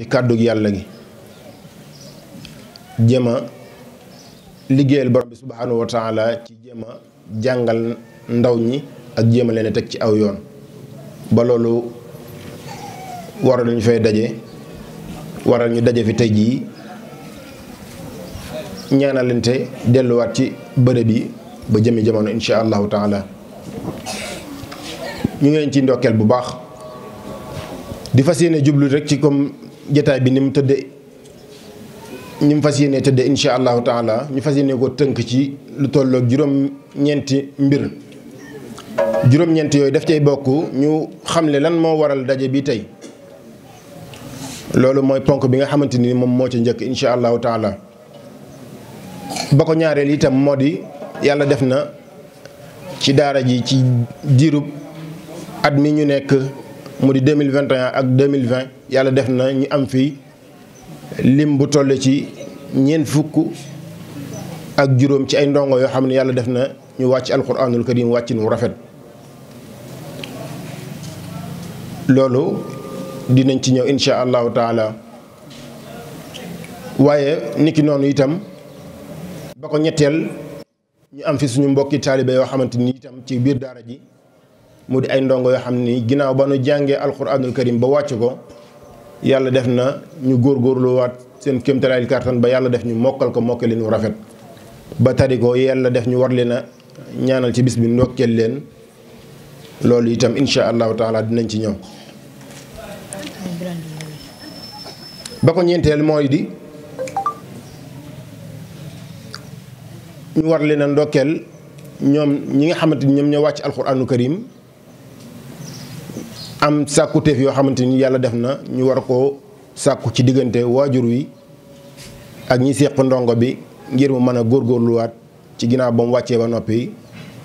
di kàddug yàlla gi jéem a liggéeyal borom bi subhaanahu wa ci jéem jàngal ndaw ñi ak jéem a leen teg ci aw yoon ba loolu waral ñu fay daje waral ñu daje fi tey jii ñaanalante delluwaat ci bërëb yi ba jëmi jamono insha allahu taala ñu ngi leen ci ndokkeel bu baax di fas yéene jublu rek ci comme jataay bi ni mu tëddee ni mu fas yéene tëddee incha allahu taala ñu fas yéenee ko tënk ci lu tollook juróom-ñeenti mbir juróom-ñeenti yooyu daf cay bokk ñu xamle lan moo waral daje bi tey loolu mooy ponk bi nga xamante ni moom moo ci njëkk incha allahu taala ba ko ñaareel itam moo di yàlla def na ci daara ji ci diirub at mi ñu nekk. mu di 2021 ak 2020 yàlla def na ñu am fii lim bu tolle ci ñeent fukk ak juróom ci ay ndongo yoo xam ne yàlla def na ñu wàcc alquranul karim wàccin wu rafet loolu dinañ ci ñëw insha allahu taala waaye niki noonu itam ba ko ñetteel ñu am fi suñu mbokki taalibe yoo xamante ni itam ci biir daara ji mu di ay ndongo yoo xam ni ginnaaw ba nu jàngee alxuraanul karim ba wàcc ko yàlla def na ñu góor góorgóorluwaat seen kéemtalaayil kàttan ba yàlla def ñu mokkal ko mokkalin wu rafet ba tari ko yàlla def ñu war leen ñaanal ci bis bi ndokkeel leen loolu itam insha allahu taala dinañ ci ñëw ba ko ñeenteel mooy di ñu war leen a ndokkeel ñoom ñi nga xamante ni ñoom ñoo wàcc alxuraanu karim am sàkkuteef yoo xamante ni yàlla def na ñu war koo sàkku ci diggante waajur wi ak ñi séq ndongo bi ngir mu mën a góor góorgóorluwaat ci ginnaaw ba mu wàccee ba noppi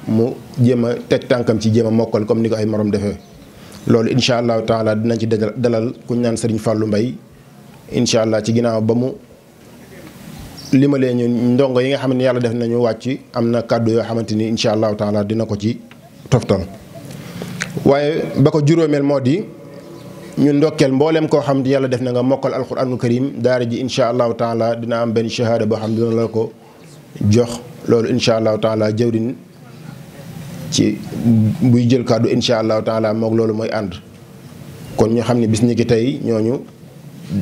mu jéem a teg tànkam ci jéem a mokkal comme ni ko ay morom defee. loolu incha allahu taala dinañ ci dalal ku ñu naan Serigne Fallou Mbaye incha allah ci ginnaaw ba mu limalee ñu ndongo yi nga xam ne yàlla def nañu wàcc am na kàddu yoo xamante ni incha allahu taala dina ko ci toftal. waaye ba ko juróomeel moo di ñu ndokkeel mbooleem koo xam ne yàlla def na nga mokkal alquraanul karim daara ji incha allahu taala dina am benn shahada boo xam dina la ko jox loolu incha allahu taala jawrin ci buy jël kàddu incha allahu taala moog loolu mooy ànd kon ñu xam ne bis ni ki tey ñooñu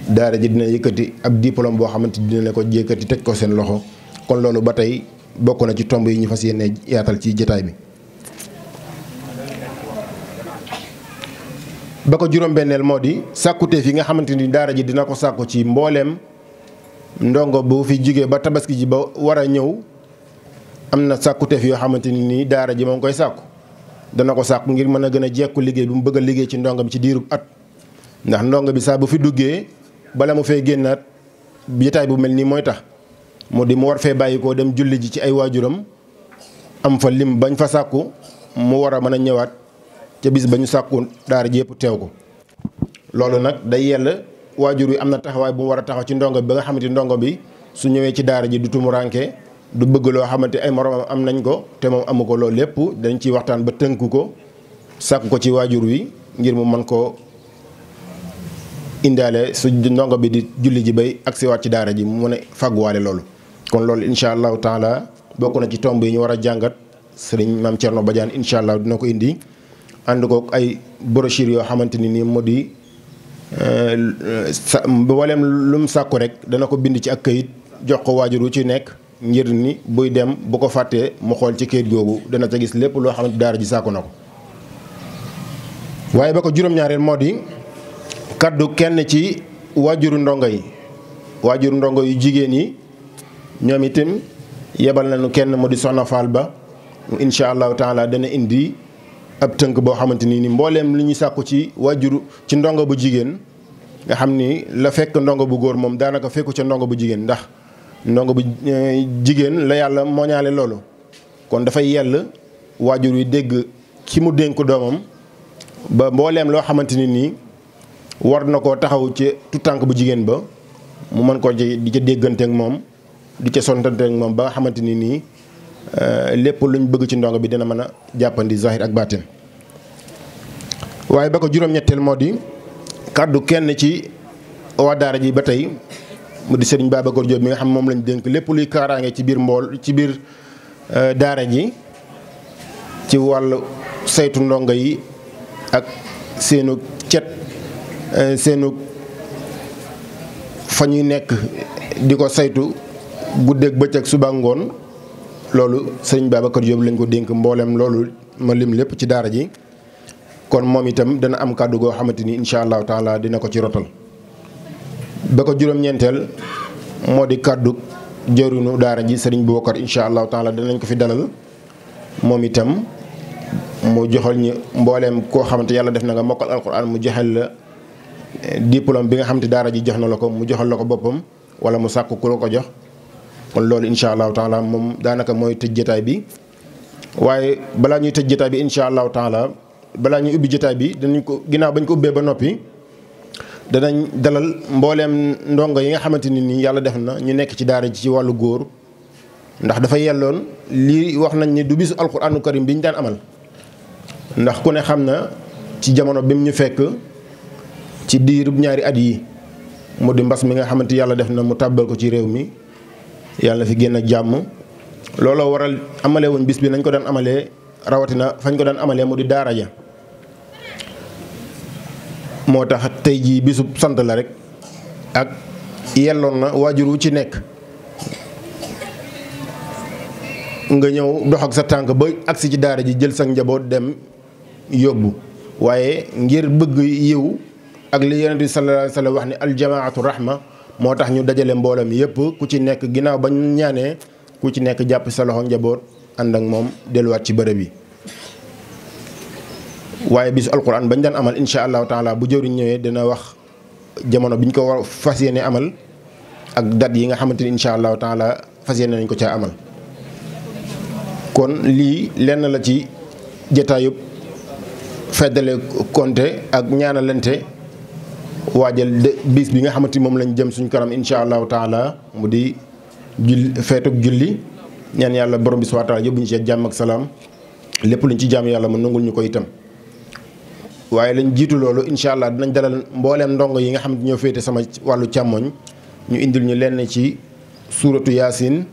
daare ji dina yëkkati ab diplôme boo xamante dina la ko yëkkati teg ko seen loxo kon loolu ba tey bokk na ci tomb yi ñu fas yéene yaatal ci jataay bi ba ko juróom-benneel moo di sàkkuteef yi nga xamante ni daara ji dina ko sàkku ci mbooleem ndongo bu fi jugee ba tabaski ji ba war a ñëw am na sàkkuteef yoo xamante ni nii daara ji moo ngi koy sàkku dana ko sàkku ngir mën a gën a jekku liggéey bi mu bëgg liggéey ci ndongo bi ci diirub at ndax ndongo bi saa bu fi duggee bala mu fee génnaat jotaay bu mel nii mooy tax moo di mu war fee bàyyi koo dem julli ji ci ay waajuram am fa lim bañ fa sàkku mu war a mën a ñëwaat ca bis ba ñu sàkkoon daara ji jépp teew ko loolu nag day yell waajur wi am na taxawaay bu mu war a taxaw ci ndongo bi ba nga xamante ndongo bi su ñëwee ci daara ji du tumuranke du bëgg loo xamante ay moroomam am nañ ko te moom amu ko loolu lépp dañ ciy waxtaan ba tënku ko sàkk ko ci waajur wi ngir mu mën koo indaale su ndongo bi di julli ji bay agsiwaat ci daara ji mu mën a fàgguwaale loolu kon loolu incha allahu taala bokk na ci tomb yi ñu war a jàngat sëriñ maam Thierno Badiane incha allah dina ko indi ànd kook ay brochure yoo xamante ni nii moo di eh, sa mboolem lu mu sàkku rek dana ko bind ci ak kayit jox ko waajur wu ci nekk ngir ni buy dem bu ko fàttee mu xool ci kayit googu dana ca gis lépp loo xamante daara ji sàkku na ko waaye ba ko juróom-ñaareel moo di kaddu kenn ci waajuru ndongo yi waajuru ndongo yu jigéen yi ñoom itam yebal nañu kenn mu di soxna Fall ba incha allahu taala dana indi ab tënk boo xamante ni ni mbooleem li ñuy sàkku ci waajur ci ndongo bu jigéen nga xam ni la fekk ndongo bu góor moom daanaka fekku ca ndongo bu jigéen ndax ndongo bu eh, jigéen la yàlla moo ñaale loolu kon dafay yell waajur wi dégg ki mu dénk doomam ba mbooleem loo xamante ni nii war na koo taxaw ca tu tànk bu jigéen ba mu mën koo ci di ca dégganteek moom di ca sontante ak moom ba nga xamante ni nii Euh, lépp luñ bëgg ci ndongo bi dina mën a jàppandi zahir ak baatin waaye ba ko juróom-ñetteel moo di kàddu kenn ci waa daara ji ba tey mu di sëriñ Babacar Diop mi nga xam moom lañ dénk lépp luy kaaraange ci biir mbool ci biir euh, daara ji ci wàll saytu ndongo yi ak seenu cet euh, seenu fa ñuy nekk di ko saytu guddeeg bëccëg suba ngoon loolu sëriñ Babacar Diop lañ ko dénk mbooleem loolu ma lim lépp ci daara ji kon moom itam dana am kàddu goo xamante ni incha allahu taala dina ko ci rotal ba ko juróom-ñeenteel moo di kàddu jëruñu daara ji sëriñ Babacar incha allahu taala danañ ko fi dalal moom itam mu joxal ñu mbooleem koo xamante yàlla def na nga mokkal alquran mu joxel la eh, diplôme bi nga xamante daara ji jox na la ko mu joxal la ko boppam wala mu sàkk ku la ko jox kon loolu incha allahu taala moom daanaka mooy tëj jotaay bi waaye balaa ñuy tëj jotaay bi incha allahu taala balaa ñuy ubbi jotaay bi danañ ko ginnaaw bañ ko ubbee ba noppi danañ dalal mbooleem ndongo yi nga xamante ni nii yàlla def na ñu nekk ci daara ji ci wàllu góor ndax dafa yelloon lii wax nañ ni du bisu alquraanu karim bi ñu daan amal ndax ku ne xam na ci jamono bi mu ñu fekk ci diirub ñaari at yi mu di mbas mi nga xamante yàlla def na mu ko ci réew mi yàlla fi génn jàmm looloo waral amale woon bis bi nañ ko daan amale rawatina fañ ko daan amalee mu di daara ja moo tax tey jii bisub sant la rek ak yelloon na waajur wu ci nekk nga ñëw dox ak sa tànk ba agsi ci daara ji jël sa njaboot dem yóbbu waaye ngir bëgg yiw ak li yonent bi sallallahu alayhi wa wax ni aljamaatu rahma moo tax ñu dajale mbooloo mi yëpp ku ci nekk ginnaaw ba ñu ñaanee ku ci nekk jàpp sa loxo njaboot ànd ak moom delluwaat ci bërëb yi. waaye bisu alquran bañ daan amal incha allahu taala bu jëwriñ ñëwee dina wax jamono biñ ko war fas yéene amal ak dat yi nga xamante ni incha allahu taala fas yéene nañ ko caa amal. kon lii lenn la ci jataayub feddale konte ak ñaanalante. waajal biis bi nga xamante moom lañu jëm suñu kanam incha allahu taala mu di julli feetug julli ñaan yàlla borom bi subhaana taala ñu ci jàmm ak salaam lépp luñ ci jàmm yàlla mu nangul ñu ko itam. waaye lañ jiitu loolu incha allah dinañ dalal mbooleem ndongo yi nga xam ne ñoo féete sama wàllu càmmoñ ñu indil ñu lenn ci suuratu yaasin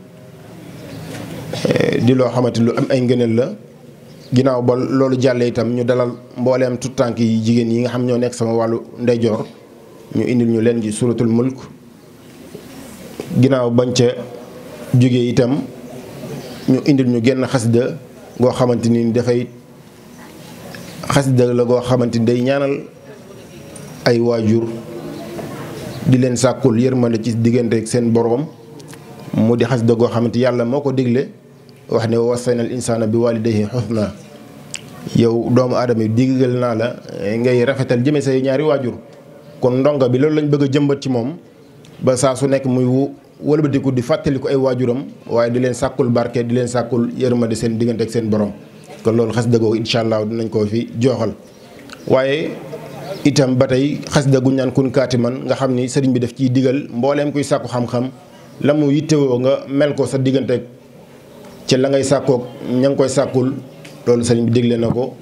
eh, di loo xamante lu am ay ngëneel la. ginnaaw ba loolu jàlle itam ñu dalal mbooleem tànk yi jigéen yi nga xam ñoo nekk sama wàllu ndeyjoor ñu indil ñu leen ji suratul mulk ginnaaw bañ ca jógee itam ñu indil ñu genn xasida goo xamante ni dafay xasida la goo xamante ni day ñaanal ay waajur di leen sàkkul yërmande ci diggante ak seen boroom mu di xasida goo xamante yàlla moo ko dégle wax ne wasaynal insaana bi walidayhi xusna yow doomu aadama yi digal naa la ngay rafetal jëme say ñaari waajur kon ndongo bi loolu lañ bëgg a jëmbat ci moom ba saa su nekk muy wëlbatiku di fàttali ko ay waajuram waaye di leen sàkkul barke di leen sàkkul yërmande seen diggante ak seen borom kon loolu xas dëggoo incha allah dinañ ko fi jooxal waaye itam ba tey xas dëggu ñaan man nga xam ni sëriñ bi daf ciy digal mbooleem kuy sàkku xam la mu yittewoo nga mel ko sa diggante ci la ngay sàkkoog ña ngi koy sàkkul loolu sëriñ bi digle na ko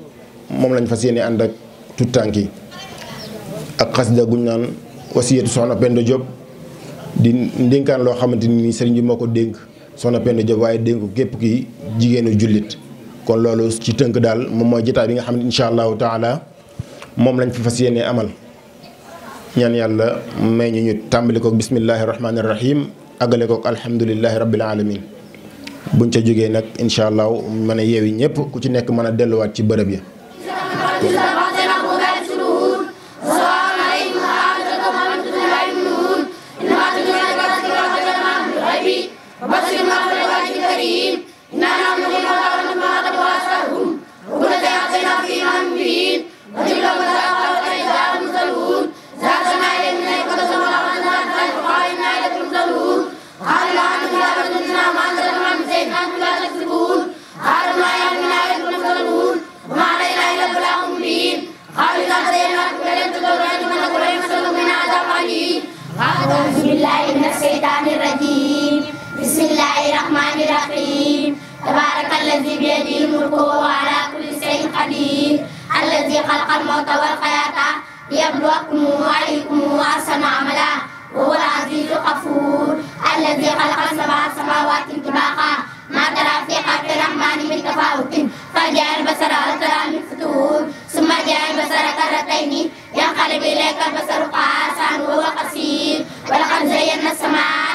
moom lañ fas yéene ànd ak tuttànk yi ak xasida guñ naan wasiyatu soxna Penda Diop di ndénkaan loo xamante ni sëriñ bi moo ko dénk soxna Penda Diop waaye dénk képp ki jigéenu jullit kon loolu ci tënk daal moom mooy jotaay bi nga xam ne incha allahu taala moom lañ fi fas yéene amal ñaan yàlla may ñu ñu tàmbali koog bismillahi rahmaani rahim àggale koog alhamdulillahi rabbil alamin buñ ca jógee nag incha allah mën a yeewi ñëpp ku ci nekk mën a delluwaat ci bërëb yi. قالوا إذا قضينا لن تضروا أنتم نقول يمسكم من عذاب عليم قالوا أعوذ بالله من الشيطان الرجيم بسم الله الرحمن الرحيم تبارك الذي بيده الملك وهو على كل شيء قدير الذي خلق الموت والحياة ليبلوكم أيكم أحسن عملا وهو العزيز الغفور الذي خلق سبع سماوات طباقا ما ترى في خلق الرحمن من تفاوت فجاء البصر هل ترى من فتور ثم جاء البصر كرتين ينقلب اليك البصر قاسا وهو قصير ولقد زينا السماء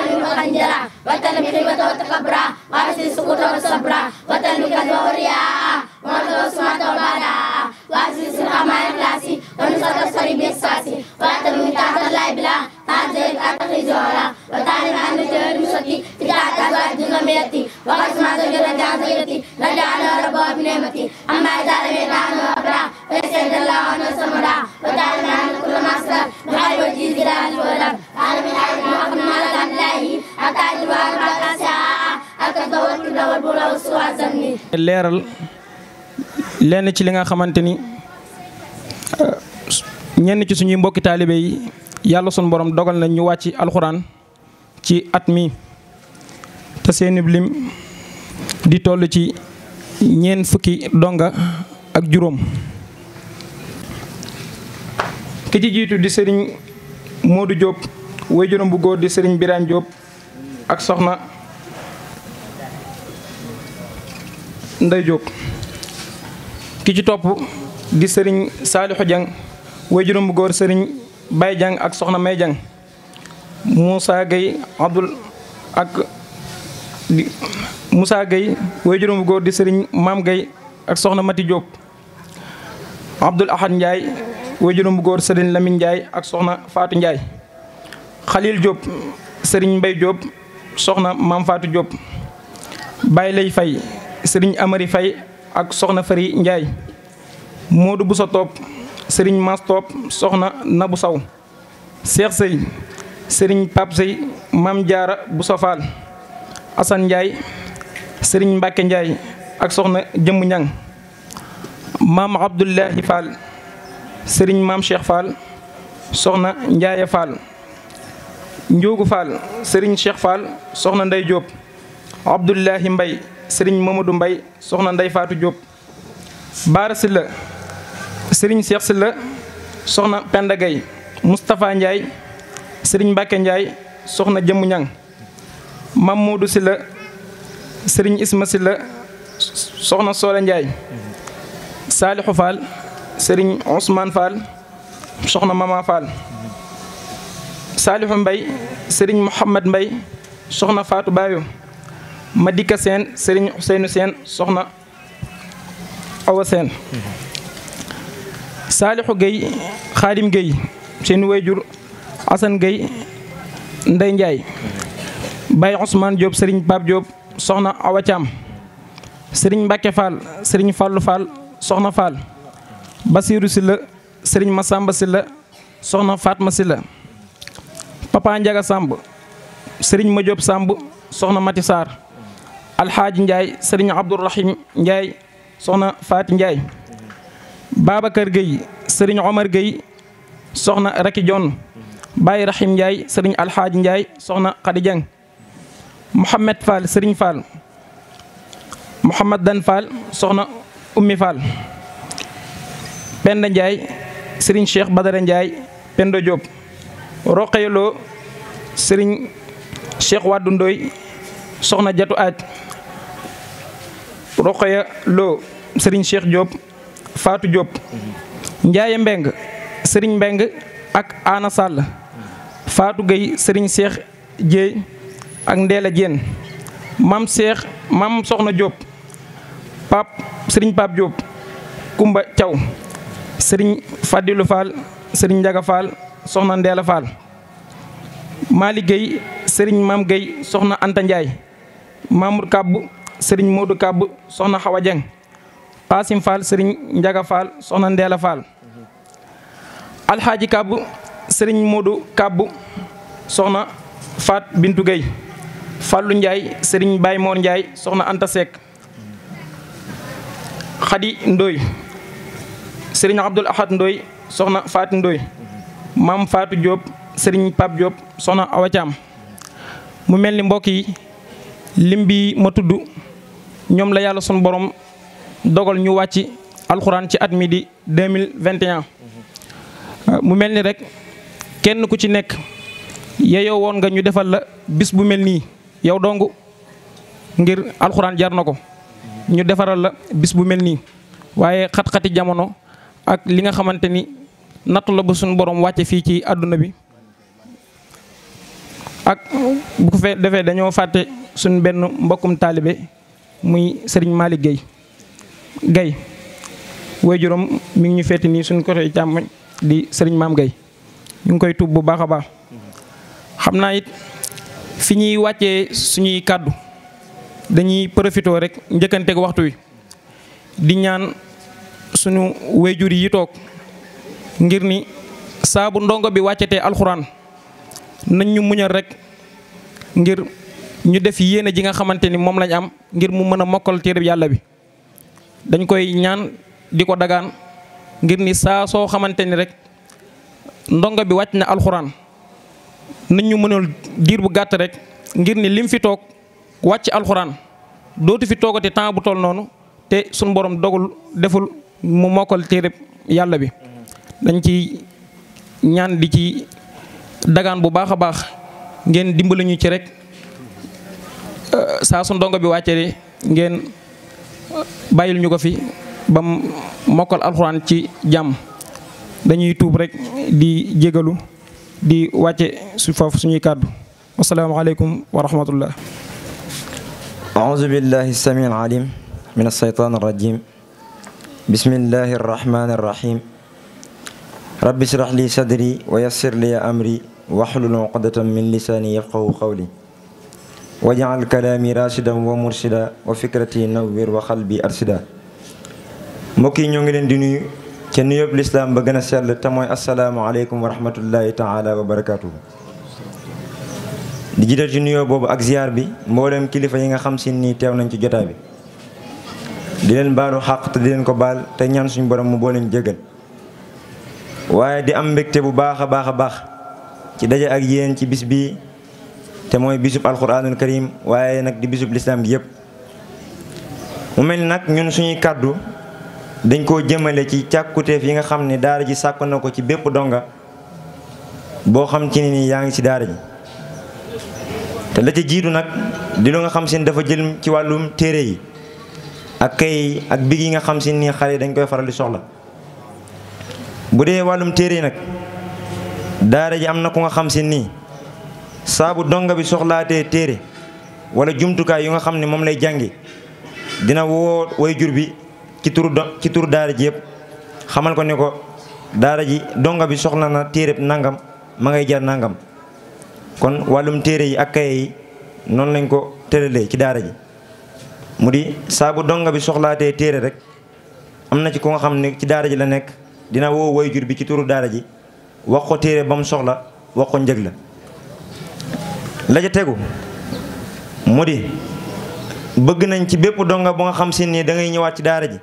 علم خنجرا وتنم خيبة وتكبرا وعسل السكوت والصبرا وتنم كذب ورياء موت وسمعة وبدا وعسل السرقة مع إخلاصي ونسك الصري بإحساسي وأتم تحت الله بلا تعزل أتخي زهرا وتعلم أن جهر مصدي تجاهك أزواج ذميتي وقد سمعت جلد عن غيرتي رجعنا ربه بنعمتي أما إذا لم يدعنا أبرا فيسعد الله عنه سمرا وتعلم أن كل ما أسرى بحي وجيز جلال الولد تعلم الحياة leeral lenn ci li nga xamante ni ñenn ci suñuy mbokki taalibe yi yàlla suñu boroom dogal na ñu wàcc alxuraan ci at mi te seeni lim di toll ci ñeent fukki donga ak juróom ki ci jiitu di sëriñ moo Modou Diop way juróom bu góor di sëriñ Birane jóob ak soxna Ndey Jóob ki ci topp di sëriñ Saalixu Jang way juróom góor sëriñ Bay Jang ak soxna May Jang Moussa Gueye Abdul ak di Moussa Gueye way góor di sëriñ Maam gay ak soxna Mati Jóob Abdul Ahad Ndiaye way juróom góor sëriñ Lamine Ndiaye ak soxna Faatu Ndiaye Xalil Jóob sëriñ Mbay Jóob soxna maam Fatou Diop Baye Lay sëriñ Amari fay ak soxna Fari Ndiaye Modou Boussa Top sëriñ Mas Top soxna nabu Saw Cheikh Sey sëriñ Pape sëy maam Diarra Boussa Fall Assane Ndiaye sëriñ Mbacke Ndiaye ak soxna Jëmm Ñang maam Abdoulahi Fall sëriñ maam Cheikh Fall soxna Ndiaye Fall Njóogu Fall Serigne Cheikh Fall soxna Ndey Diop Abdoulahi Mbay Serigne Mamadou Mbay soxna nday Faatu Diop Baara Silla Serigne Cheikh Silla soxna Penda Gay Moustapha Ndiaye Serigne Mbacke soxna Jëmm Ñang Mamadou Silla Serigne Isma Silla soxna Soole Ndiaye Saalixu Fall Serigne Ousmane Fall soxna Mama Fall Saalihu Mbay Serigne Mouhamad Mbay soxna Fatou Bayo Madika Seen Serigne Ousseynou Seen soxna Awa Seen Saalihu Gueye Xaadim Gueye seen wayjur Assane Gueye Ndey Ndiaye Baye Ousmane Diop Serigne Pape Diop soxna Awa Thiam Serigne Mbacke Fall Serigne Fallou Fall soxna Fall Basirou Silla Serigne Massamba Silla soxna Fatma Silla papa Ndiaga Samb sëriñ Madiop Samb soxna Mati Sarr alxaaji Ndiaye sëriñ Abdourahim Ndiaye soxna Faati Ndiaye Babacar Gueye sëriñ Omar Gueye soxna Raki Dione Baye Rahim sëriñ alxaaji Ndiaye soxna Khady Dieng Mouhamed sëriñ Fall Mouhamed Dan Fall soxna Ummi Fall Penda Ndiaye sëriñ Cheikh Badara Ndiaye Penda Diop Roqaya Lo sëriñ Cheikh Waddu Ndoy soxna Jatu Aaj Roqaya Lo sëriñ Cheikh Diop Fatou Diop Njaaye Mbeng sëriñ Mbeng ak Ana Sall Fatou Gueye sëriñ Cheikh Dieye ak Ndeela Diène maam Cheikh maam soxna Diop pap sëriñ Pape Diop Kumba Thiaw sëriñ Fadilou Fall sëriñ Njaga Fall soxna Ndeela Fall Mali Gueye Serigne Mame Gueye soxna Anta Ndiaye Mamour Kabb Serigne Modou Kabb soxna Xawa Dieng Qasim Fall Serigne Ndiaga Fall soxna Ndeela Fall Alxaaji Kabb Serigne Modou Kabb soxna Fat Bintou Gueye Fallou Ndiaye Serigne Baye Mor Ndiaye soxna Anta Seck Khady Ndoy Serigne Abdoul Ahad Ndoy soxna Fatou Ndoy maam Fatou Diop sëriñ Pape Diop soxna Awa Thiam mu mel ni mbokk yi lim bi ma tudd ñoom la yàlla sunu boroom dogal ñu wàcc alxuraan ci at mi di deux mille vingt et mu mel ni rek kenn ku ci nekk yeyoo woon nga ñu defal la bis bu mel nii yow dong ngir alxuraan jar na ko ñu defaral la bis bu mel nii waaye xat-xati jamono ak li nga xamante ni. nattu la bu suñu borom wàcce fii ci àdduna bi ak bu fe defee dañoo fàtte suñ benn mbokkum taalibe muy sëriñ maali Guèye Guèye waajuram mi ngi ñu feeti nii suñ côté càmm di sëriñ Maam Guèye mu ngi koy tuub bu baax a baax xam naa it fi ñuy wàccee suñuy kàddu dañuy profité rek njëkkanteeg waxtu wi di ñaan suñu waajur yi toog ngir ni saabu ndongo bi wàccatee alxuraan nañ ñu muñal rek ngir ñu def yéene ji nga xamante ni moom lañ am ngir mu mën a mokkal téere yàlla bi dañ koy ñaan di ko dagaan ngir ni saa soo xamante ni rek ndongo bi wàcc na alxuraan nañ ñu mënal diir bu gàtt rek ngir ni lim fi toog wàcc alxuraan dootu fi toogati temps bu toll noonu te suñu boroom dogul deful mu mokkal téere yàlla bi dañ ci ñaan di ci dagaan bu baax a baax ngeen dimbali ñu ci rek saa su ndongo bi wàccee ngeen bàyyil ñu ko fi ba mokkal alxuraan ci jàmm dañuy tuub rek di jégalu di wàcce su foofu suñuy kàddu asalaamaaleykum wa rahmatullah أعوذ بالله السميع rabbi shrah li sadri wa yassir li amri wahlul uqdatan min lisaani yafqahu qawli waj'al kalaami rashidan wa mursida wa fikrati nawwir wa qalbi arsida mbokk yi ñoo ngi leen di nuyu ca nuyoob lislaam ba gën a sell te mooy assalaamu aleykum taala wa barakaatuhu di jiital ci boobu ak ziar bi mboolem kilifa yi nga xam si nii teew nañ ci di leen baalu xàq te di leen ko baal te ñaan suñu borom mu waaye di am mbégte bu baax a baax a baax ci daje ak yéen ci bis bi te mooy bisub alquranul karim waaye nag di bisub lislaam gi yëpp mu mel ni nag ñun suñuy kàddu dañ koo jëmale ci càkkuteef yi nga xam ni daara ji sàkk na ko ci bépp donga boo xam ci ne nii yaa ngi ci daara ji te la ci jiitu nag di lu nga xam seen dafa jël ci wàllum téere yi ak kay ak big yi nga xam si ni xale dañ koy faral di soxla bu dee wàllum téere yi nag daara ji am na ku nga xam si nii saabu donga bi soxlaatee téere wala jumtukaay yu nga xam ne moom lay jàngi dina woo way jur bi ci tur ci tur daara ji yëpp xamal ko ni ko daara ji donga bi soxla na téere nangam ma ngay jar nangam kon wàllum téere yi ak noonu lañ ko tëralee ci daara ji mu di saabu donga bi soxlaatee téere rek am na ci ku nga xam ni ci daara ji la nekk dina woo wayjur bi ci turu daara ji wax ko téere ba mu soxla wax ko njëg la la ca tegu mu di bëgg nañ ci bépp donga bu nga xam si nii da ngay ñëwaat ci daara ji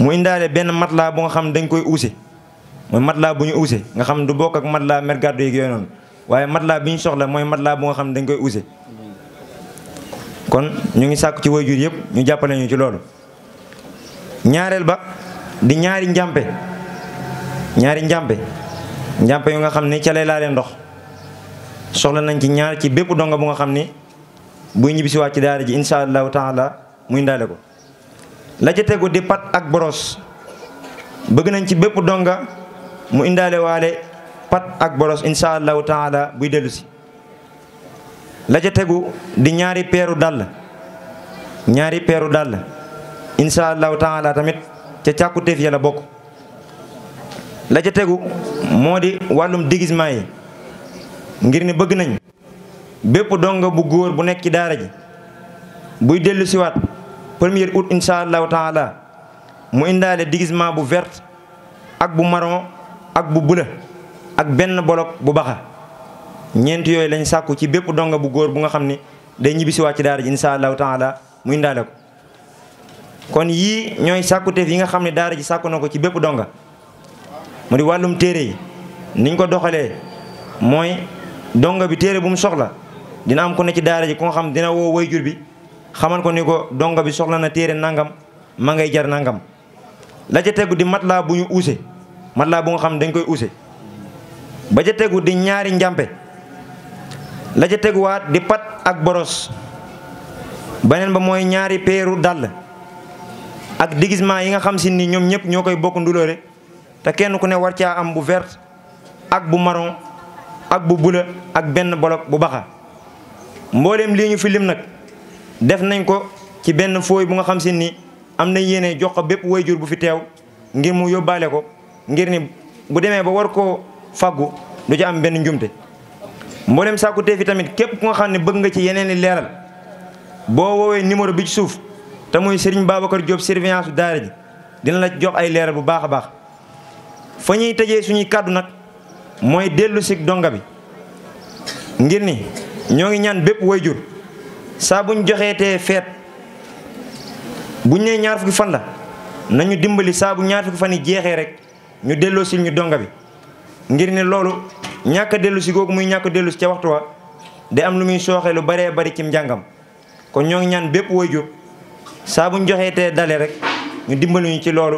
mu indaale benn matelas bu nga xam dañ koy uuse mooy matelas bu ñu uuse nga xam du bokk ak matelas mer gàddu yeeg yooyu noonu waaye matelas bi ñu soxla mooy matelas bu nga xam dañ koy uuse kon ñu ngi sàkk ci wayjur yépp ñu jàppale ñu ci loolu ñaareel ba di ñaari njàmpe ñaari njàmpe njàmpe yu nga xam ni ca lay ndox soxla nañ ci ñaar ci bépp donga bu nga xam ni buy ñibbisiwaat ci daara ji insha allahu taala muy ndaale ko la ca tegu di pat ak boros bëgg nañ ci bépp donga mu indaale waale pat ak boros insha allahu taala buy dellu si la ca tegu di ñaari peeru dàll ñaari peeru dàll insha allahu taala tamit ca càkkutéef ya la bokk la ca tegu moo di wàllum déguisement yi ngir ne bëgg nañ bépp donga bu góor bu nekk ci daara ji buy dellu siwaat premier août insha allahu taala mu indaale déguisement bu vert ak bu marron ak bu bleu ak benn bolok bu baxa ñeent yooyu lañ sàkku ci bépp donga bu góor bu nga xam ni day ñibbi siwaat ci daara ji insha allahu taala mu indaale ko kon yii ñooy sàkkuteef yi nga xam ne daara ji sàkku na ko ci bépp donga mu di wàllum téere yi niñ ko doxalee mooy donga bi téere bu mu soxla dina am ku ne ci daara ji ku nga xam dina woo woy jur bi xamal ko ni ko donga bi soxla na téere nangam ma ngay jar nangam la ca tegu di mat laa bu ñu uuse laa bu nga xam dañ koy uuse ba ca tegu di ñaari njàmpe la ca teguwaat di pat ak boros beneen ba mooy ñaari peeru dàll ak déguisement yi nga xam si ni ñoom ñëpp ñoo koy bokk nduloore te kenn ku ne war caa am bu vert ak bu marron ak bu bula ak benn bolok bu baxa mbooleem lii ñu fi lim nag def nañ ko ci benn fooy bu nga xam si ni am na yéene jox bépp bépp jur bu fi teew ngir mu yóbbaale ko ngir ni bu demee ba war koo faggu du ci am benn njumte mboolem sàkku teef tamit képp ku nga xam ne bëgg nga ci yeneen i leeral boo woowee numéro bi ci suuf te muy Serigne Babacar Diop surveillance daara ji dina la jox ay leeral bu baax a baax fa ñuy tëjee suñuy kàddu nag mooy dellu donga bi ngir ni ñoo ngi ñaan bépp wayjur saa buñ joxee tee feet buñ nee ñaar fukki fan nañu dimbali saa bu fan yi jeexee rek ñu delloo si ñu donga bi ngir ne loolu ñàkk dellusi dellu googu muy ñàkk a dellu si ca waxtu wa day am lu muy sooxee lu baree bari ci njàngam kon ñoo ngi ñaan bépp wayjur saa bu ñu joxee tee dale rek ñu dimbaluñu ci loolu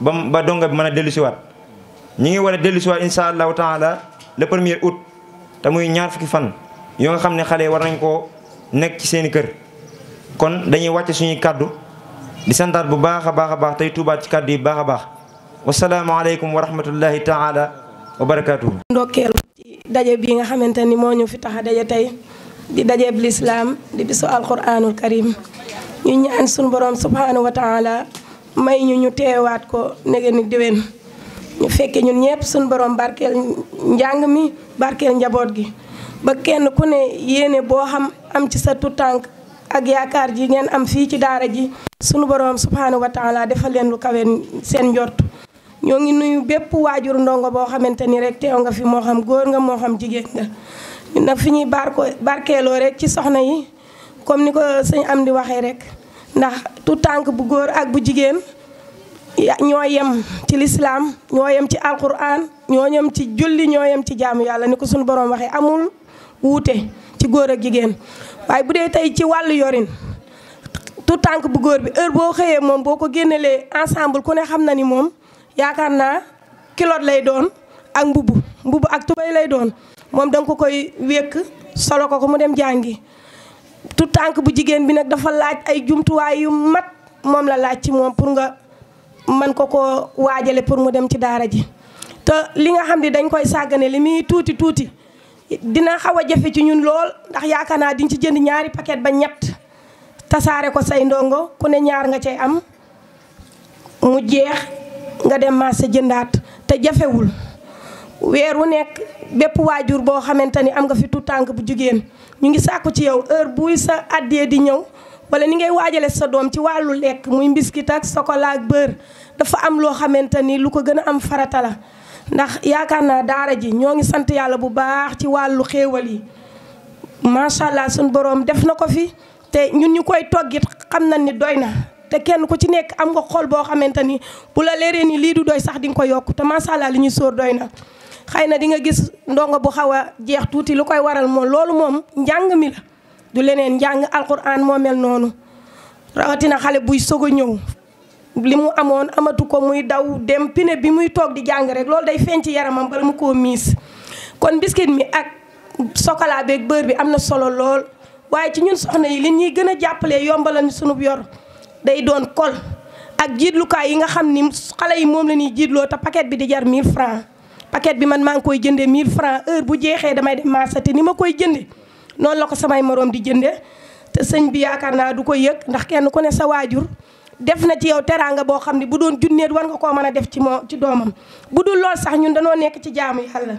ba ba donga bi mën a dellu siwaat ñu ngi war a dellu siwaat insha allahu taala le premier août te muy ñaar fukki fan yoo nga xam ne xale yi war nañ koo nekk ci seeni kër kon dañuy wàcc suñuy kàddu di santaat bu baax a baax a baax tey tuubaat ci kàddu yi baax a baax wasalaamaaleykum wa rahmatullahi taala wa barakaatuhu ndokkeel ci daje bii nga xamante ni moo ñu fi tax a daje tey di dajeeb lislaam di bisu ñu ñaan suñ borom subhanahu wa taala may ñu ñu teewaat ko nege ni déwén ñu fekke ñun ñëpp suñ borom barkeel njàng mi barkeel njaboot gi ba kenn ku ne yéene boo xam am ci sa tutànk ak yaakaar ji ngeen am fii ci daara ji sunu borom subhanahu wa taala defal leen lu kawe seen njort ñoo ngi nuyu bépp waajur ndongo boo xamante ni rek teew nga fi moo xam góor nga moo xam jigéen nga ñun nag fi ñuy barko barkeeloo rek ci soxna yi comme ni ko sëñ am di waxee rek ndax tu tànk bu góor ak bu jigéen ñoo yem ci lislaam ñoo yem ci alquran ñoo yem ci julli ñoo yem ci jaamu yàlla ni ko suñu borom waxee amul wuute ci góor ak jigéen waaye bu dee tey ci wàllu yorin tu tànk bu góor bi heure boo xëyee moom boo ko génnelee ensemble ku ne xam na ni moom yaakaar naa kilote lay doon ak mbubb mbubb ak tubay lay doon moom danga ko koy wékk solo ko ko mu dem jàngi tu tànk bu jigéen bi nag dafa laaj ay jumtuwaay yu mat moom la laaj ci moom pour nga man ko koo waajale pour mu dem ci daara ji te li nga xam ne dañ koy sàggane li muy tuuti tuuti dina xaw a jafe ci ñun lool ndax yaakaar naa diñ ci jënd ñaari paquet ba ñett tasaare ko say ndongo ku ne ñaar nga cay am mu jeex nga dem marché jëndaat te jafewul weer wu nekk bépp waajur boo xamante ni am nga fi tout tànk bu jigéen ñu ngi sàkku ci yow heure buy sa addee di ñëw wala ni ngay waajale sa doom ci wàllu lekk muy mbiskit ak chocolat ak beurre dafa am loo xamante ni lu ko gën a am farata la ndax yaakaar naa daara ji ñoo ngi sant yàlla bu baax ci wàllu xéewal yi macha allah suñu borom def na ko fi te ñun ñu koy toggit xam nañ ni doy na te kenn ku ci nekk am nga xol boo xamante ni bu la leeree ni lii du doy sax dinga ko yokk te macha allah li ñuy sóor doy nag xëy na di nga gis ndongo bu xaw a jeex tuuti lu koy waral moom loolu moom njàng mi la du leneen njàng alxuraan moo mel noonu rawatina xale buy soog a ñëw li mu amoon amatu ko muy daw dem pine bi muy toog di jàng rek loolu day feeñ ci yaramam bala mu koo miis kon biscuit mi ak chocolat bër bi am na solo lool waaye ci ñun soxna yi li ñuy gën a jàppalee yombalal sunu yor day doon kol ak jiitlukaay yi nga xam ni xale yi moom la ñuy jiitloo te paquet bi di jar 1000 francs paquet bi man maa ngi koy jëndee 1000 francs heure bu jeexee damay dem marché te ni ma koy jënde noonu la ko samay moroom di jënde te sëñ bi yaakaar naa du ko yëg ndax kenn ku ne sa waajur def na ci yow teraanga boo xam ne bu doon junneet war nga koo mën a def ci moo ci doomam bu dul lool sax ñun danoo nekk ci jaamu yàlla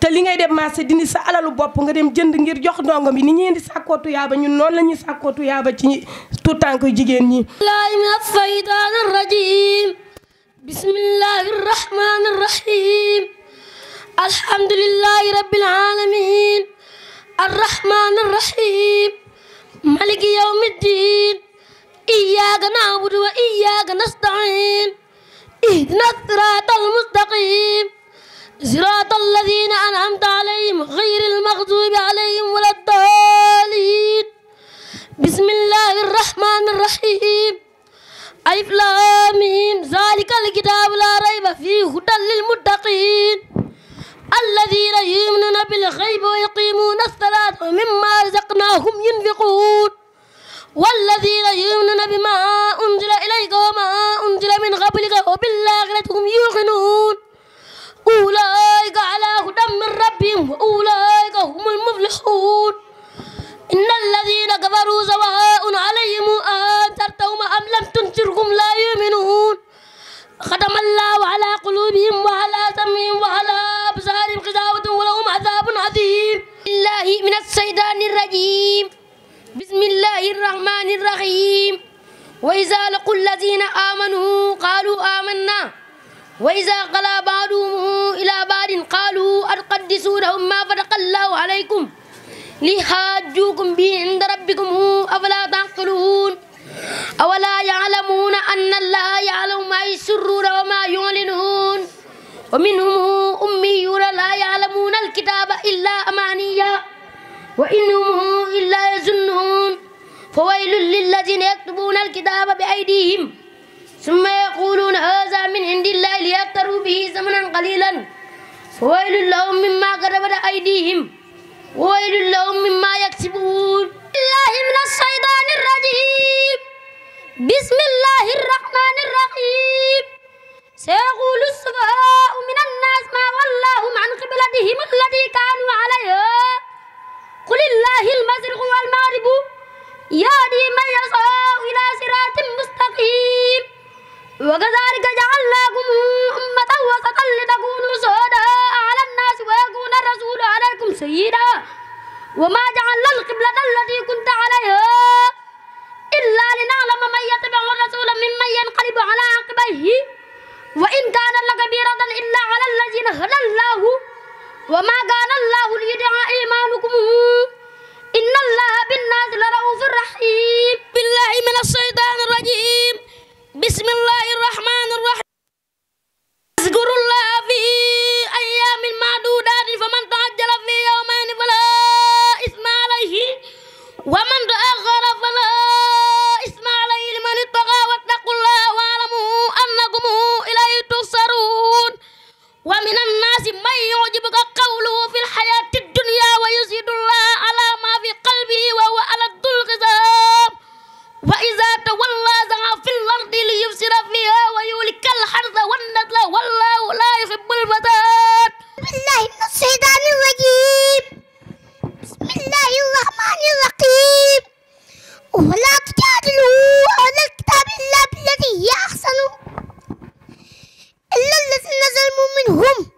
te li ngay dem marché dindi sa alalu bopp nga dem jënd ngir jox ndongo bi ni ñeen di sàkkoo tuyaaba ñun noonu la ñuy sàkkoo tuyaaba ci tout tànk jigéen ñi laahi min alhamdulillahi rabbil alamin arrahman arrahim maliki yawmiddin iyyaka na'budu wa iyyaka nasta'in ihdina siratal mustaqim siratal ladina an'amta alayhim ghayril maghdubi alayhim waladdallin bismillahir rahmanir rahim alif lam mim zalikal kitabu la rayba fihi hudan lil muttaqin الذين يؤمنون بالغيب ويقيمون الصلاة ومما رزقناهم ينفقون والذين يؤمنون بما أنزل إليك وما أنزل من قبلك وبالآخرة هم يوقنون أولئك على هدى من ربهم وأولئك هم المفلحون إن الذين كفروا سواء عليهم أأنذرتهم أم لم تنذرهم لا يؤمنون ختم الله على قلوبهم وعلى سمعهم وعلى الأنصار غزاوة ولهم عذاب عظيم الله من الشيطان الرجيم بسم الله الرحمن الرحيم وإذا لقوا الذين آمنوا قالوا آمنا وإذا قلا بعضهم إلى بعض قالوا أتقدسوا لهم ما فرق الله عليكم ليحاجوكم به عند ربكم أفلا تعقلون أولا يعلمون أن الله يعلم ما يسرون وما يعلنون wa minhum ummiyuuna laa ya'lamuuna alkitaaba illaa amaaniya wa inhum illaa yazunnuun fa waylun lillaziina yaktubuuna alkitaaba bi aydiihim summa yaquuluuna haazaa min indillaahi liyashtaruu bihi samanan qaliilan fa waylun lahum mimmaa katabat aydiihim wa waylun lahum mimmaa yaksibuun billaahi mina shaytaani rajiim bismillaahi rahmaani rahiim سيغول السفهاء من منهم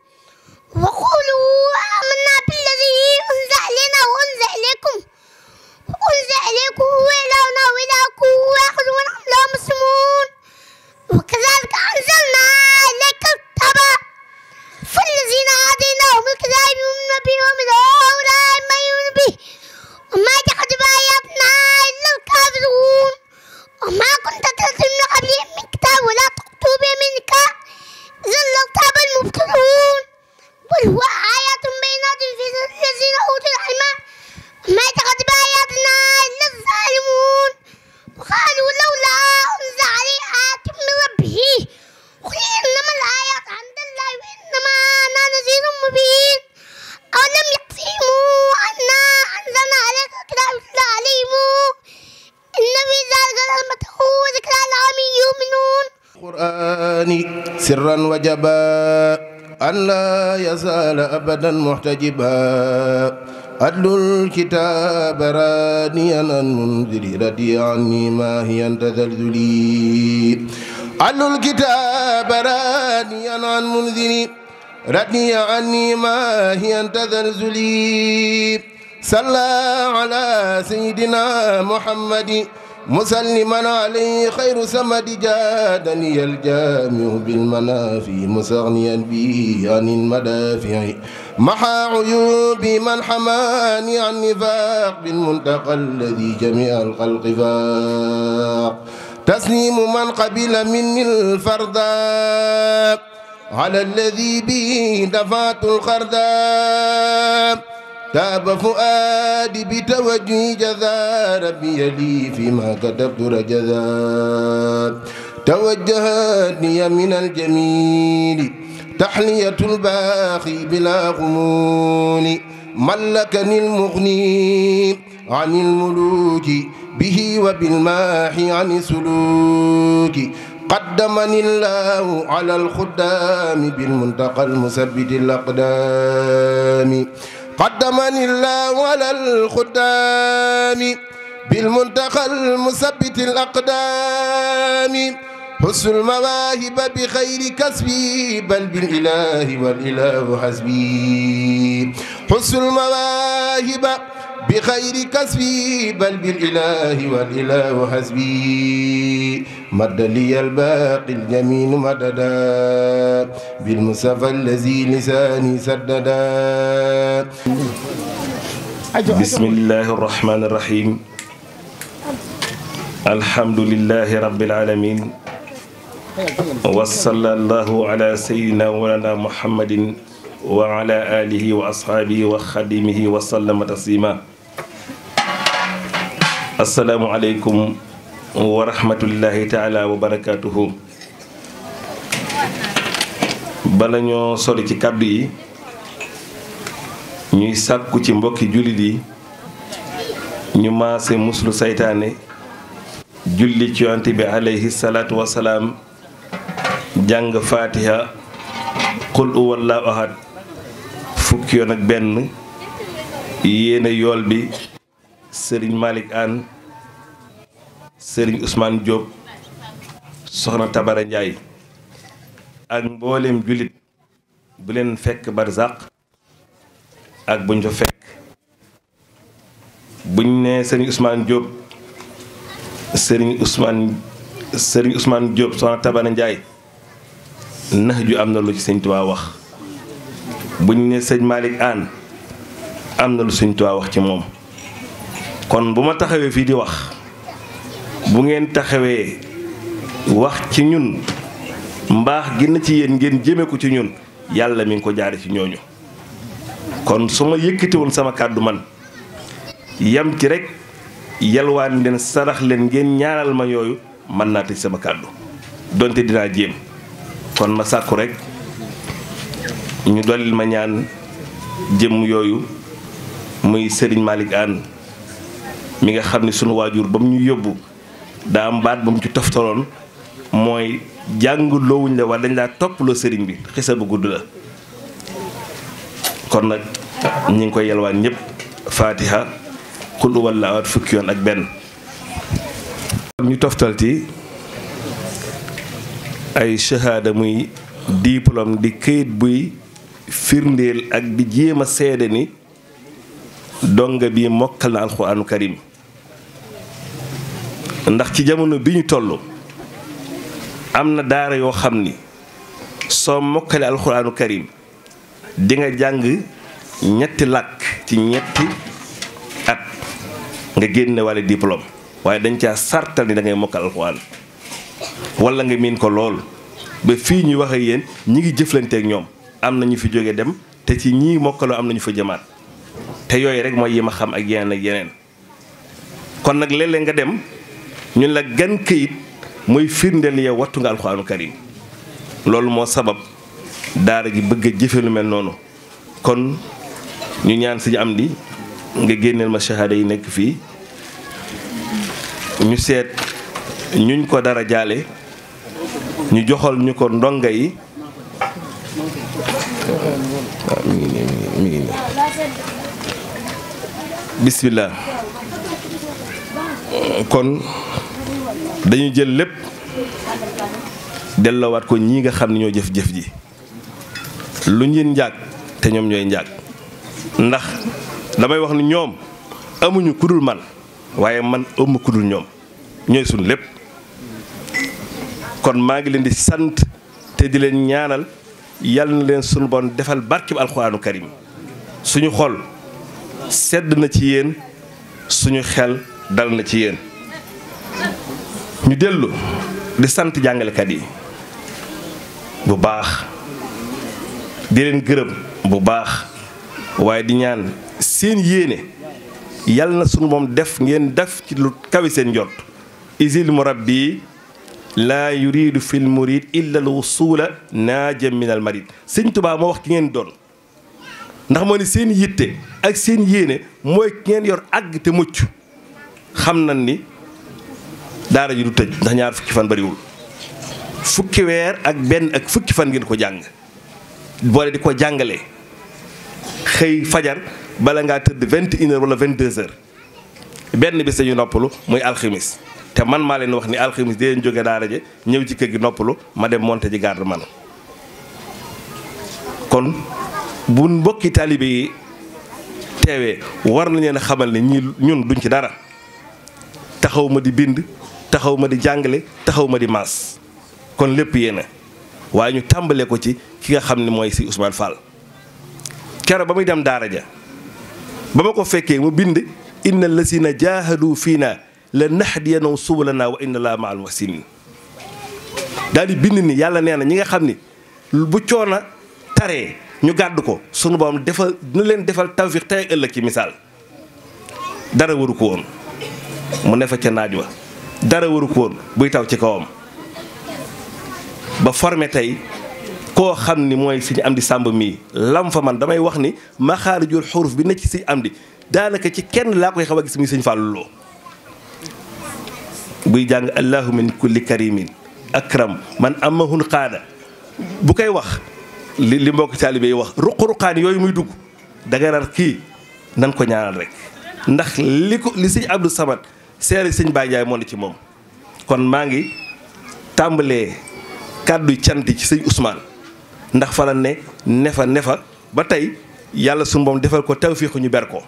واجبا أدل الكتاب رانيا المنذر ردي عني ما هي أنت زلزلي أدل الكتاب رانيا المنذر ردي عني ما هي أنت زلزلي صلى على سيدنا محمد مسلما عليه خير سمد جادني الجامع بالمنافع مستغنيا به عن المدافع محا عيوبي من حماني عن نفاق بالمنتقى الذي جميع الخلق فاق تسليم من قبل مني الفرداء على الذي به دفعت الخرداء تاب فؤادي بتوجه جزا ربي لي فيما كتبت رجزا توجهتني من الجميل تحلية الباخي بلا غمول ملكني المغني عن الملوك به وبالماح عن سلوك قدمني الله على الخدام بالمنتقى المثبت الأقدام قدمني الله على الخدام بالمنتقى المثبت الأقدام حسن المواهب بخير كسبي بل بالإله والإله حسبي حسن المواهب بخير كسبي بل بالإله والإله حسبي مد لي الباقي الجميل مددا بالمصطفى الذي لساني سددا بسم الله الرحمن الرحيم الحمد لله رب العالمين وصلى الله على سيدنا مولانا محمد وعلى آله وأصحابه وخدمه وسلم تسليما asalaamualeykum wa rahmatullahi taala wa barakaatuhu bala ñoo soli ci kàddu yi ñuy sàkku ci mbokki jullit yi ñu maase muslu seytaane julli ci yonent bi aleyhi salaatu wasalaam jàng faatiha qul huwallaahu ahad fukki yoon ak benn yéene yool bi sëriñ malik Anne sëriñ Ousmane jóob soxna Tabara njaay ak mboolem jullit bu leen fekk barzaq ak buñ fa fekk buñ nee sëriñ Ousmane Diop sëriñ Ousmane sëriñ Ousmane Diop nax ju am na lu ci sëñ Tuubaa wax buñ ne sëñ Malick Anne am na lu sëñ Tuubaa wax ci moom kon bu ma taxawee fii di wax bu ngeen taxawee wax ci ñun mbaax gi ci yéen ngeen jëme ko ci ñun yàlla mi ngi ko jaare ci ñooñu kon su ma yëkkatiwoon sama kàddu man yam ci rekk yalwaan leen sarax leen ngeen ñaaral ma yooyu mën naa tëj sama kàddu donte dinaa jéem kon ma sàkku rekk ñu dolil ma ñaan jëm yooyu muy Serigne Malick Anne mi nga xam ne sunu waajur ba mu ñu yóbbu daa am ba mu ci toftaloon mooy jàng loowuñ la wala dañ laa toppaloo sëriñ bi xisa bu gudd la kon nag ñi ngi koy yalwaan ñëpp fatiha xul yoon ak benn ñu toftal ci ay shahada muy diplôme di këyit buy firndeel ak di jéem a seede ni donga bi mokkal na alxuraanu karim ndax ci jamono bi ñu toll am na daara yoo xam ni soo mokkale alxuraanu karim di jàng ñetti làkk ci ñetti at nga génne walla diplôme waaye dañ caa sartal ni da ngay mokkal alxuraan walla nga miin ko lool ba fii ñuy wax ak yéen ñi ngi jëflanteek ñoom am na ñu fi jóge dem te ci ñii mokkaloo am na ñu fa jëmaat te yooyu rek mooy yi ma xam ak yeneen ak yeneen kon nag léeg-léeg nga dem. ñun la gan kayit muy firndeel yow wattu nga alxuraanu karim loolu moo sabab daara gi bëgg a jëfe lu mel noonu kon ñu ñaan si am di nga génneel ma shahada yi nekk fii ñu seet ñuñ ko dara jaale ñu joxal ñu ko ndonga yi mi kon dañuy jël lépp delloowaat ko ñii nga xam ne ñoo jëf-jëf ji lu ñuy njaag te ñoom ñooy njaag ndax damay wax ni ñoom amuñu kudul man waaye man ëmm kudul ñoom ñooy suñ lépp kon maa ngi leen di sant te di leen ñaanal yal na leen sunu bon defal barkib alxuraanu karim suñu xol sedd na ci yéen suñu xel dal na ci yéen ñu dellu di sant jàngalekat yi bu baax di leen gërëm bu baax waaye di ñaan seen yéene yàlla na sunu moom def ngeen def ci lu kawe seen njot isil murabbi laa yuridu fil murid illa al wusula naaja min al marid ki ngeen doon ndax moo seen yitte ak seen yéene mooy ki ngeen yor àgg te mucc xam nañ ni daara ji du tëj ndax ñaar fukki fan bariwul fukki weer ak benn ak fukki fan ngeen ko jàng boole di ko jàngale xëy fajar bala ngaa tëdd vingt une heure wala vingt deux heures benn bi dañuy noppalu muy alxamis te man maa leen wax ni alxamis di leen jóge daara je ñëw ci kër gi noppalu ma dem monte ji garde man kon bu mbokki taalibe yi teewee war na leen a xamal ne ñii ñun duñ ci dara taxaw ma di bind taxaw ma di jàngale taxaw ma di maas kon lépp yéena waaye ñu tàmbalee ko ci ki nga xam ne mooy si Ousmane Fall kero ba muy dem daara ja ba ma ko fekkee mu bind inna lasina jaahadu fiina la nahdiyannahum subulanaa wa inna laa ma'al muhsinin daal di bind ni yàlla nee na ñi nga xam ni bu coona taree ñu gàddu ko sunu borom defal dina leen defal tawfiq tey ëllëg ci misaal dara waru ko mu ne fa ca naaj wa dara waru koon buy taw ci kawam ba forme tey koo xam ni mooy suñu am di sàmb mii lam fa man damay wax ni maxaarijul xuruf bi nekk si suñu am di daanaka ci kenn laa koy xaw a gis muy sëñ Fallou Lo buy jàng allahu min kulli karimin akram man amahun xaada bu koy wax li li mbokk taalibe yi wax ruq-ruqaan yooyu muy dugg danga nar kii nan ko ñaaral rek ndax li ko li sëñ Abdou Samad seere sëñ baay Ndiaye moom la ci moom kon maa ngi tàmbalee kàddu cant ci sëñ Ousmane ndax fa la ne nefa nefa ba tey yàlla su moom defal ko tawfiixu ñu ber ko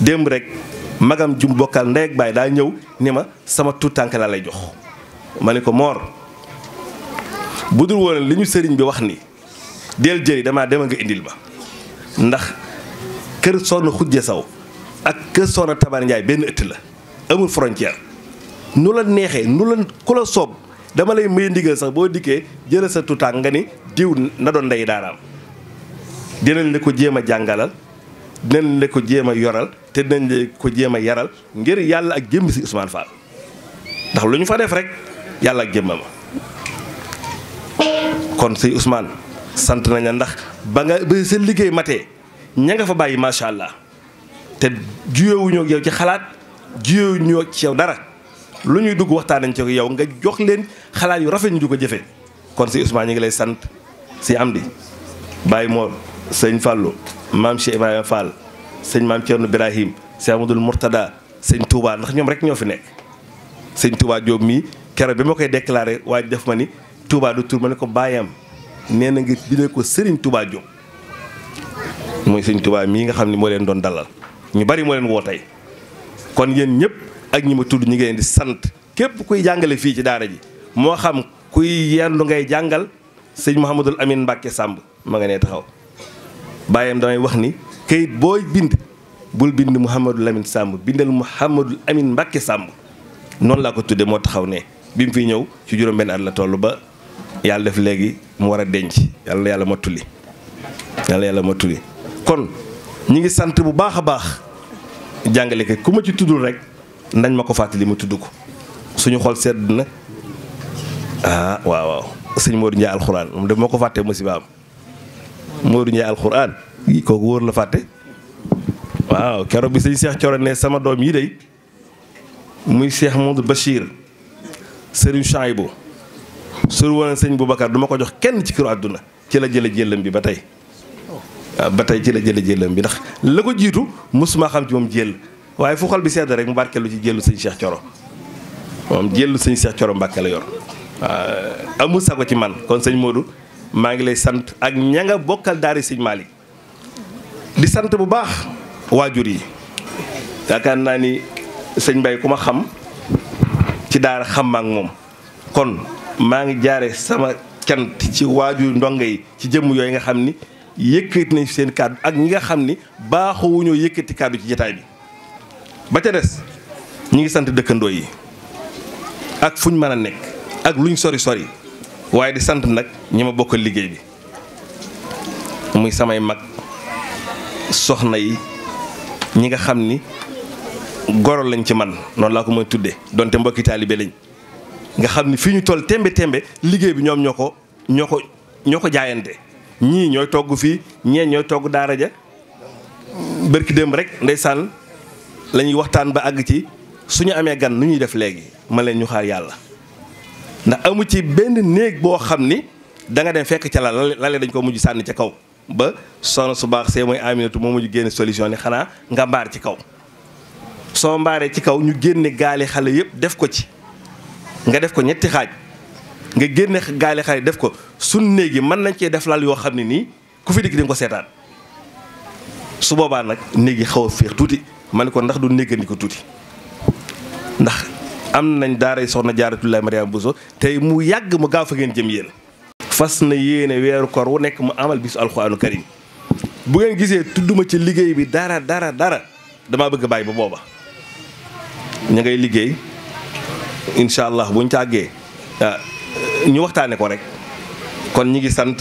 démb rek magam jum bokkal ndey ak baay daa ñëw ni ma sama tuut tànk laa lay jox ma ne ko moor bu dul woon li ñu sëriñ bi wax ni del jëri damaa a nga indil ma ndax kër sonn xujje saw ak kër Soxna Tabaar benn ëtt la amul frontière nu la neexee nu la ku la soob dama lay may ndigal sax boo dikkee jëla sa tutànk nga ni diw na doon ndey daaraam dinañ la ko jéem a jàngalal dinañ la ko jéem a yoral te dinañ la ko jéem a yaral ngir yàlla ak jëmm ci Ousmane Fall ndax lu ñu fa def rek yàlla ak jëmma ma kon si usmaan sant nañ la ndax ba nga ba sa liggéey matee ña nga fa bàyyi macha allah. te juyewuñoo ak ci xalaat juyewuñoo ci yow dara lu ñuy dugg waxtaan nañ ci yow nga jox leen xalaat yu rafet ñu di ko jëfee kon si Ousmane ñu ngi lay sant si Amdi Baye Mor sëñ Fallou maam Cheikh Ibrahima Fall sëñ maam Thierno Ibrahim sëñ Amadou Mourtada sëñ tuubaa ndax ñoom rek ñoo fi nekk. sëñ Touba Diop mii keroog bi ma koy déclaré waaye def ma ni Touba du tur ma ne ko bàyyam nee na nga dina ko Serigne Touba Diop mooy sëñ Touba mii nga xam ne moo leen doon dalal. ñu bari moo leen woo tey kon yéen ñëpp ak ñi ma tudd ñi ngi leen di sant képp kuy jàngale fii ci daara ji moo xam kuy yendu ngay jàngal sëñ Mouhamadul Amine Mbacke sàmb ma nga ne taxaw bàyyam damay wax ni kayit booy bind bul bind Mouhamadul Amine Samb bindal Mouhamadul amin Mbacke Samb noonu laa ko tudde moo taxaw ne bi mu fi ñëw ci juróom-benn at la toll ba yàlla def léegi mu war a denc yàlla yàlla ma tulli yàlla yàlla ma tulli kon ñu ngi sant bu baax a baax jàngalekat ku ma ci tuddul rek nañ ma ko fàttali mu tudd ko suñu xol sedd na ah waaw waaw sëñ Modou Ndiaye alxuraan moom daf ma ko fàttee musibaam Modou Ndiaye alxuraan kooku wóor la fàtte waaw keroog bi sëñ seex Thioro ne sama doom yi de muy Cheikh Modou Bachir Serigne Chaibou sur woon sëñ Boubacar du ma ko jox kenn ci kër àdduna ci la jële jëlam bi ba tey ba tey ci la jële jëlam bi ndax la ko jiitu mosuma xam ci moom jël waaye fu xol bi sedd rek mu barkeelu ci jëlu sëñ seex Thioro moom jëlu sëñ seex Thioro Mbàkke la yor waaw amul sago ci man kon sëñ Modou maa ngi lay sant ak ñanga nga bokkal daari sëñ Malick di sant bu baax waajur yi yaakaar naa ni sëñ mbay ku ma xam ci daara xam maak moom kon maa ngi jaare sama kant ci waajur ndongo yi ci jëmm yooyu nga xam ni yëkkati nañ seen kàddu ak ñi nga xam ni baaxoowuñoo yëkkati kàddu ci jataay bi ba ca des ñi ngi sant dëkkandoo yi ak fuñ mën a nekk ak luñ sori sori waaye di sant nag ñi ma bokkal liggéey bi muy samay mag soxna yi ñi nga xam ni goro lañ ci man noonu laa ko mën tuddee donte mbokki taalibe lañ nga xam ni fi ñu toll tembe tembe liggéey bi ñoom ñoo ko ñoo ko ñoo ko jaayante ñii ñooy togg fii ñee ñooy togg daara ja bërki démb rek ndeysaan la ñuy waxtaan ba àgg ci suñu amee gan nu ñuy def léegi ma leen ñu xaar yàlla ndax amu ci benn néeg boo xam ni danga nga dem fekk ca la lale dañ ko mujj sànni ca kaw ba soxna su baax see mooy Aminatu moo mujj génne solution ni xanaa nga mbaar ci kaw soo mbaaree ci kaw ñu génne gaali xale yëpp def ko ci nga def ko ñetti xaaj nga génne gaali xarit def ko suñ néegi man nañ cee def lal yoo xam ne nii ku fi dikk di ko seetaan su boobaa nag néegi xaw a féex tuuti ma ne ko ndax du néegandi ko tuuti ndax am nañ daaray soxna jaaratullahi mariama Bousso tey mu yàgg mu gaaw fa ngeen jëm yéen fas na yéene weeru kor wu nekk mu amal bis alxuraanu karim bu ngeen gisee tudduma ci liggéey bi dara dara dara damaa bëgg bàyyi ba booba ñu ngay liggéey incha allah buñ tàggee ah, ñu waxtaane ko rek kon ñi ngi sant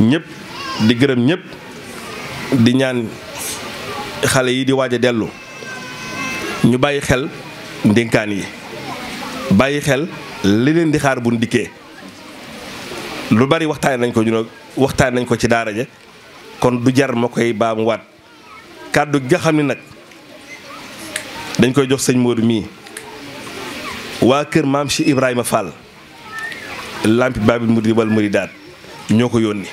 ñëpp di gërëm ñépp di ñaan xale yi di waaj a dellu ñu bàyyi xel ndénkaan yi bàyyi xel li leen di xaar buñ dikkee lu bari waxtaane nañ ko ñu ne waxtaan nañ ko ci daara ja kon du jar ma koy baamuwaat kàddu gi nga xam ne nag dañ koy jox sëñ Modou mii waa kër maam ci Ibrahima Fall lampi baabil muridi wal muridaat ñoo ko yónni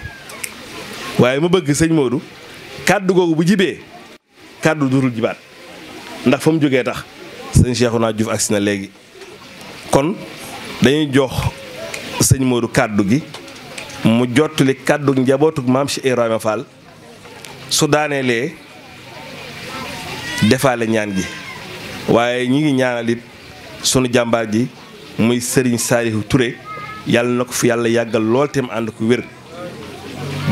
waaye ma bëgg sëñ Modou kàddu googu bu jibee kàddu durul jibaat ndax fa mu jógee tax sëñ Cheikhouna ak si na léegi kon dañuy jox sëñ moodu kàddu gi mu jottali kàddu njabootu maam Cheikh Ibrahima Fall su daanee daaneelee defaale ñaan gi waaye ñi ngi ñaanalit sunu jàmbaar ji muy sëriñ Saalihu Touré yàlla na ko fi yàlla yàggal lool te mu ànd ko wér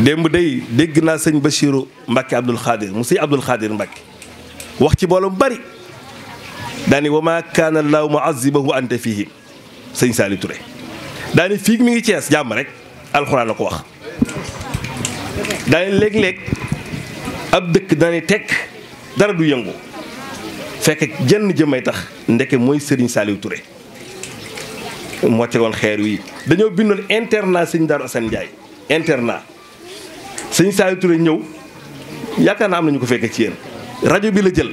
démb day dégg naa sëñ Bachiru Mbacke Abdoul Khadir mu sëñ Abdoul Khadir Mbacke wax ci boolem bari daani wa maa kaana llaahu mu'azzibahu anta fiihim sëñ Saliou Touré daani fii mi ngi Cees jàmm rek alxuraan la ko wax daani léeg-léeg ab dëkk daani tekk dara du yëngu fekk jenn jëmmay tax ndeke mooy sëriñ Saliou ture mocce woon xeer wi dañoo bindoon internat sëñ Darou Assane Ndiaye internat sëñ Saliou Touré ñëw yaakaar naa am nañu ko fekkee ci yéen rajo bi la jël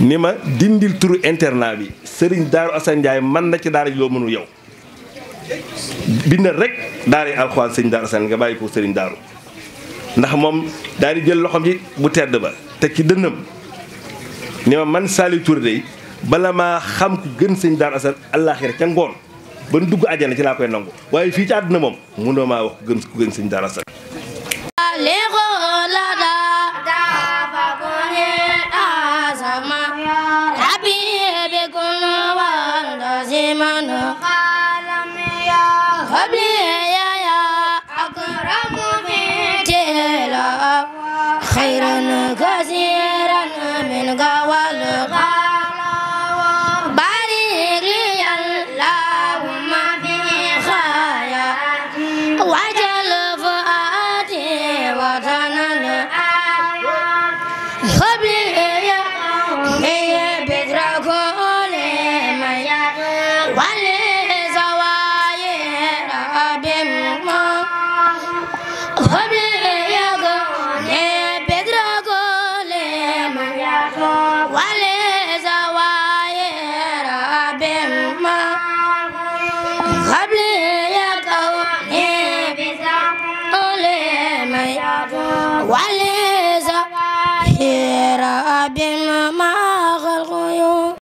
ni ma dindil turu internat bi sëriñ Darou Assane Ndiaye man na ci daara ji loo mënul yow bindal rek daara yi alxuraan sëñ Darou Assane nga bàyyi ko sëriñ Darou ndax moom daal di jël loxoom yi bu tedd ba te ci dënnam ni ma man Saliou Touré day bala ma xam ku gën sëñ Daaru Asan àllaaxira ca ngoon ba dugg dugg àjjana ci laa koy nangu waaye fii ci àdduna moom mënoo maa wax ku gën ku gën sëñ Daaru Asan